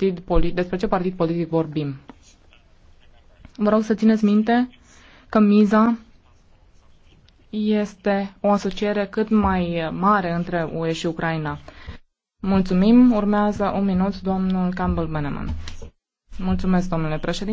partid politic, despre ce partid politic vorbim. Vă rog să țineți minte că miza este o asociere cât mai mare între UE și Ucraina. Mulțumim. Urmează un minut domnul Campbell Beneman. Mulțumesc, domnule președinte.